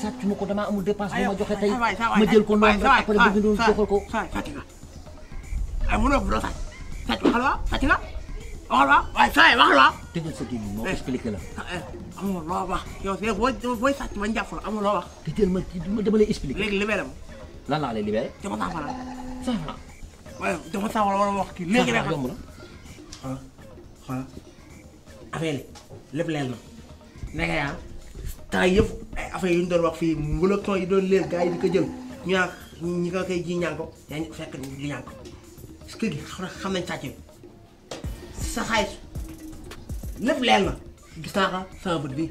sàcc ma ko damaa amul dépense bu ma joxe tey ma jël ko noonu rek après bëgg doon joxal ko. ay mënoo ko doon sàcc sàcc xalwa sàcc nga waxal waaw waaye saa yi waxal waaw. tëjal sa gémmiñ moo expliqué la. amul loo wax yow si boo booy sàcc ma njàpp la amul loo wax. tëjal ma dama lay expliqué. léegi libéré ma. lan laa lay libéré. dama saa faral. saa faral. waaye dama saa war a wax kii léegi rek. yomb na xoolal xoolal affaire yi lépp leel na nekk yaa temps yëpp ay affaire yu ñu doon wax fii mbulaton yi doon leel gars yi di ko jël ñu ñaa ñi ko koy ji ñànko yaa fekk ñu ñànko parce que xam nañ sàcc bi sa xaalis lépp leer na gis naa ko sama bët bi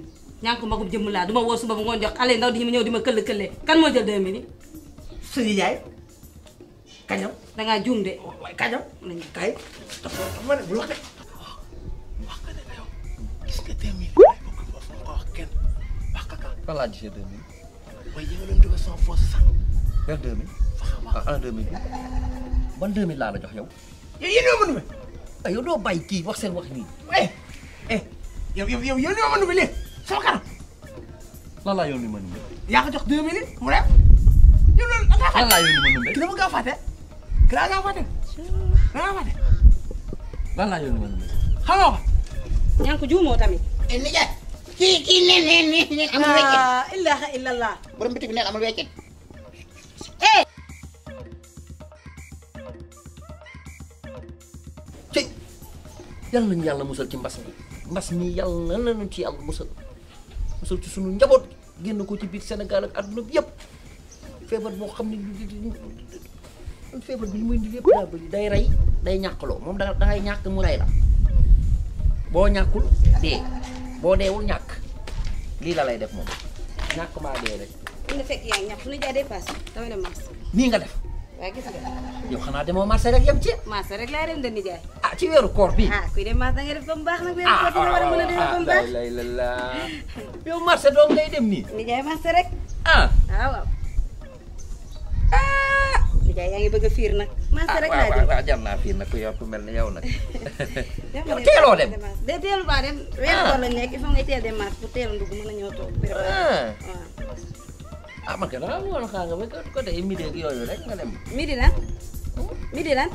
ñaangi ko magum jëmm laa du ma woo suba ngoon jox ale ndaw di ma ñëw di ma këll këllee kan moo jël deux mille sëñ Ndiaye kañam dangaa juum de waaye kañam nañ laa gisee ah, jox yow waaye yow doo bàyyi kii wax seen wax nii. yow yow li ma mën a wele sama kanam. yow li ma mën a wele. yaa ko jox mu dem. yow loolu yow li ma mën a wele. kii dama gaa fàtte. kii daa yow li ma mën a wele. xamoo ko. ñaa ngi ko juumoo tamit. eh Ndiaye. kii kii nee nee nee amul weccet. ah ilaaha illallah. borom bitig nee amul yàlla nañu yàlla musal ci mbas mi mbas mi yàlla nañu ci yàlla musal musal ci sunu njaboot génn ko ci biir Sénégal ak àdduna bi yëpp feebar boo xam ne feebar bi li muy indi yëpp daa day rey day ñàkkloo moom da dangay mu rey la boo ñàkkul dee boo deewul ñàkk lii la lay def moom ñàkk maa dee rek. fekk ñàkk lu jaay dépassé damay dem nii nga def. waaye gis nga. yow xanaa demoo marché rek yem ci. marché rek laa dem de nijaay. ah ci weeru koor bi ah kuy dem maa da ngay def ba mu baax nag a mën a demee mu baax lay ah, lay la yow marché doom ngay dem nii ah. Ah, yaa ngi bëgg fiir nag marché rek laa jëm waaw jam naa fiir nag ku yow ku mel ni yow nag yow teeloo dem de teelu baa dem weeru koor lañ nekk il faut ngay teel dem marché pour teelu ndugg mën a ñëw toog waaw ah man kay dama woon xaa nga ba côté midi yooyu rek nga dem midi nag midi lan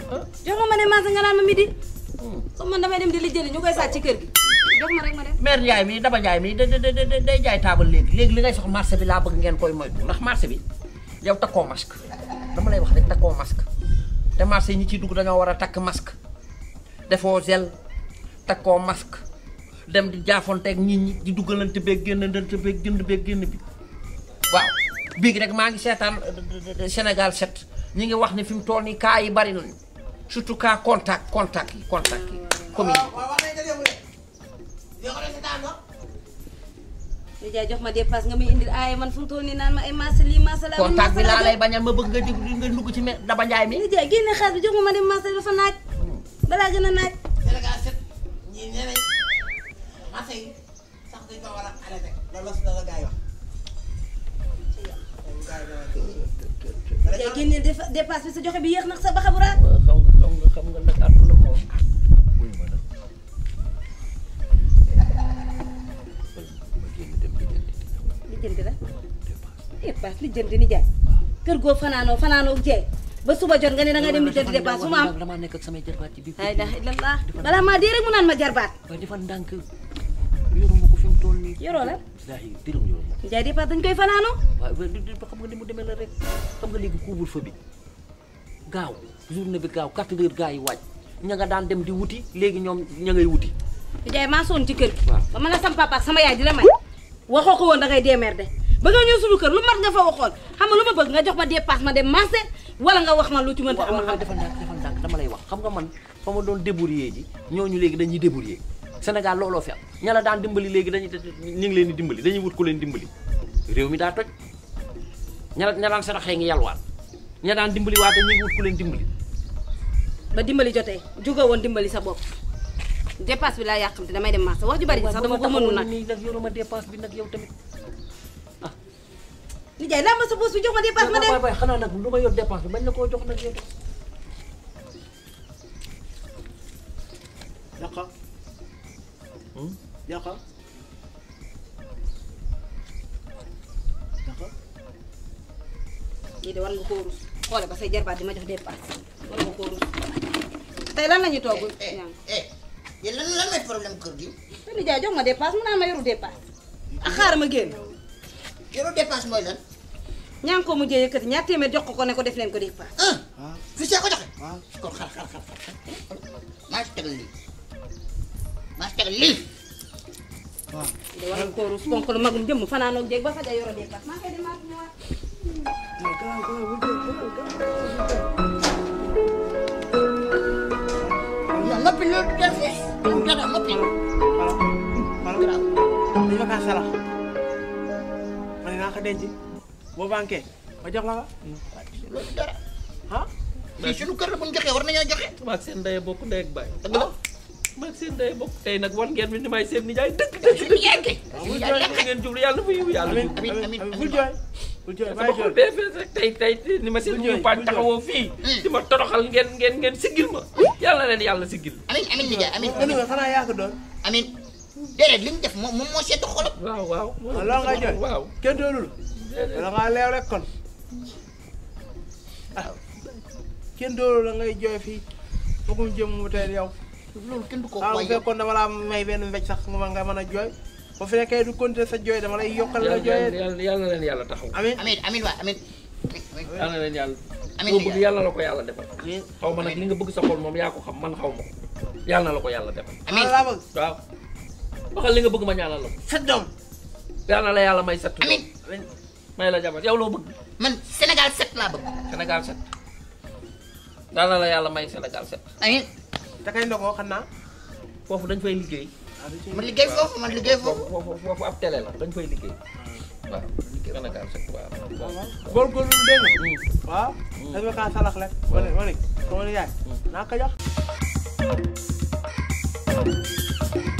jox ma ma ne maasa nga naan ma midi hmm. soo man damay dem di lijjali ñu koy sàcc ci kër gi jox ma rek ma dem mère Ndiaye mi daba da day jaay taabal léegi léegi li ngay sox marché bi laa bëgg ngeen koy moytu ndax marché bi yow takkoo mask dama lay wax rek takkoo masque te marché yi ñi ciy dugg dañoo war a takk masque defoo gel takkoo masque dem di jaafonteeg nit ñi di duggalante bee génnante beeg génn beeg génn bi waaw bii rek maa ngi seetaan euh, euh, euh, Sénégal set ñi ngi wax ne fi mu toll nii cas yi bari nañu surtout cas contact contact yi contact yi commune yi. jox ma dépasse nga may indil ay man fu mu toll nii naan ma ay maas lii maas laa. contact bi laa lay bañal ma bëgg nga déglu nga dugg ci me Daba Ndiaye mi. jaay jox ma ma dem maas dafa naaj. Hmm. balaa gën a naaj. sax dañ ko da ngay génne dépasse sa joxe bi yéex nag sa baxa bu raat. xam nga xam nga xam nga nag àdduna moom. wuy ma nag. li jënd la. ni jaay. kër goo fanaanoo fanaanoo jeey ba suba jot nga ne da dem di jënd bu ma am nekk ak samay jarbaat ci biir. ay la illallah balaa maa dee rek mu naan ma jarbaat. waaye defal ndànk toll nii. yoroo la. daañu dërëm yoroo la. Ndiaye départ dañ koy fanaanoo. waaw xam nga ni mu demee la rek xam nga léegi couvre fa bi gaaw journée bi gaaw quatre gaa yi waaj ña nga daan dem di wuti léegi ñoom ña ngay wuti. Ndiaye maa sonn ci kër gi. waaw ba ma la sama papa sama yaay di la may. waxoo ko woon da ngay démerde ba nga ñëw suñu kër lu mat nga fa waxoon xam nga lu ma bëgg nga jox ma dépasse ma dem marché wala nga wax ma lu ci mën a. am xam defal ndànk defal dama lay wax xam nga man fa ma doon débrouiller ji ñooñu léegi dañuy débrouiller Sénégal looloo fi am ña la daan dimbali léegi dañuy ñu ngi leen di dimbali dañuy wut ku leen dimbali réew mi daa toj ña ña daan saraxee ngi yalwaan ña daan dimbali waate ñu ngi wut ku leen dimbali ba dimbali jotee jóge woon dimbali sa bopp dépense bi laa yàqamte damay dem marché wax ju bari sax dama nag nii nag yoruma dépense bi nag yow tamit ah nijaay laa ma sa boos bi jox ma dépense ma dem yor dépense bi bañ la koo jox nag yow Yaka. Yaka. lii de war nga koo rus xoole ba say jarbaat di ma jox dépense war nga koo rus tey lan la ñu toogul. ñaŋ eh, yéen eh, eh, lan lan mooy problème kër gi. sëñ Ndiaye jox ma dépense mu naan ma yoru ah, ko mujjee yëkkati ñaar téeméer jox ko ko ne ko def leen ko dépense. ah. ah. ko joxe. waaw xar xar xar maa ngi lii. maa teg lii. waaw li waral kóoru ponk lu jëmm fanaan ak jéeg ba faja dee maa koy demaat ñëwaat. yàlla noppi loolu def fi dara noppi. man denc boo banqué ma jox la loolu dara ah. mais suñu war nañoo joxe. waaw seen ndey bokk ndey ak baay. ma seen day bokk tey nag wan ngeen mi ni may seen ni dëgg dëgg dëgg. bu jooy bu ngeen jublu yàlla bu yiw yàlla. bu na bu jooy sama xol bee fees rek tey tey ni ma seen ñu paan taxawoo fii. di ma toroxal ngeen ngeen ngeen siggil ma yàlla leen yàlla siggil. amiin amiin nijaay amiin amiin nga doon. amiin li mu def moom moom moo seetu xolam. waaw waaw loo nga jooy waaw kenn doonul. da ngaa leew rek kenn doonul la ngay jooy fii ba mu jëm mu tey yow. loolu kenn du ko waaye bu fekkoon dama laa may benn mbéj sax nga man a jooy ba fi nekkee du continuer sa jooy dama lay yokkal la jooyee yàlla na leen yàlla taxaw amiin amiin amiin waay amiin yàlla na leen yàlla loo bëgg yàlla la ko yàlla defal xaw ma nag li nga bëgg sa xol moom yaa ko xam man xaw ma yàlla na la ko yàlla defal amiin laa bëgg waaw waxal li nga bëgg ma ñaanal la sa doom yàlla la yàlla may set amiin may la jabar yow loo bëgg man Sénégal set laa bëgg Sénégal set yàlla la yàlla may Sénégal set amiin te kay ndogoo xam naa foofu dañ fay liggéey. man liggéey foofu man liggéey foofu. foofu ab télé la dañ fay liggéey. waaw liggéey na gaal sax waaw. góorgóorlu dégg kaa salax rek. wane wane wane yaay. naa ko